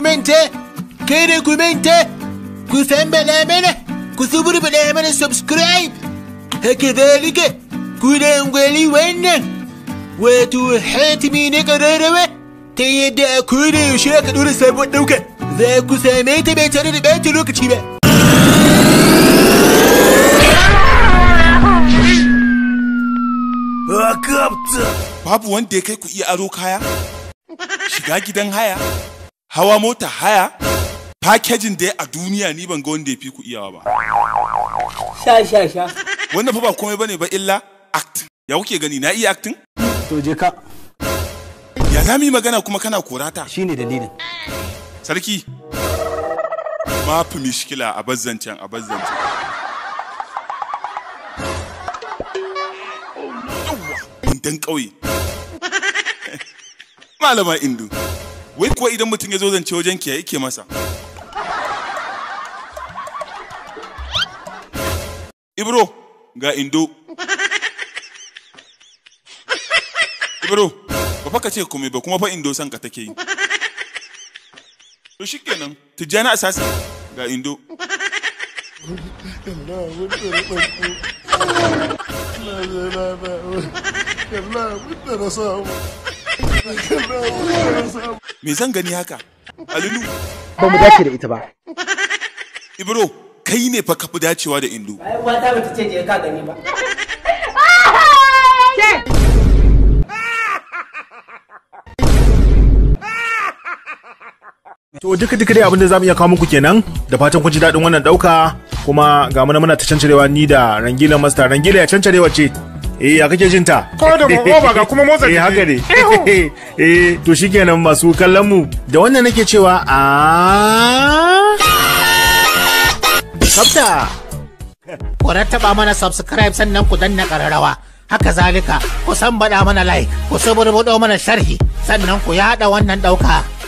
kumente, kere kumente, kusembelemene, kusuburbulemene subscribe, hakadhalika kulangwali wannan wato hatimi na ƙararrawa ta yadda a koda yaushe aka ɗora sabon ɗauka za ku same ta bai tare da ɓata lokaci ba. Babu wanda ya kai ku iya aro kaya? Shiga gidan haya? hawa mota haya packaging da a duniya ni ban ga wanda ya fi ku iyawa ba sha sha sha wannan fa ba komai bane ba illa act ya kuke gani na iya acting to je ka ya za magana kuma kana korata shine dalilin sarki ma fi mishkila a bazzancan a bazzancan dan ƙauye malama indu wai kuwa idan mutum ya zo zance wajen ki yake masa ibro ga indo ibro ba faka ce kome ba kuma fa indo san ka take yi to kenan tijjani asasi ga indo Allah, da Allah, da me zan gani haka alulu ba mu dace da ita ba ibro kai ne fa ka fi dacewa da indu uwa ce ka gani ba To duka duka dai abinda zamu iya kawo muku kenan da fatan kun ji daɗin wannan ɗauka kuma ga muna muna ta cancarewa ni da Rangila masta, Rangila ya cancarewa ce eh a kake jin ta ko da ba ga kuma motsa eh haka ne eh to shikenan masu kallon mu da wannan nake cewa a sabta ku rattaba mana subscribe sannan ku danna kararrawa haka zalika ku san bada mana like ku saburbudo mana sharhi sannan ku yada wannan dauka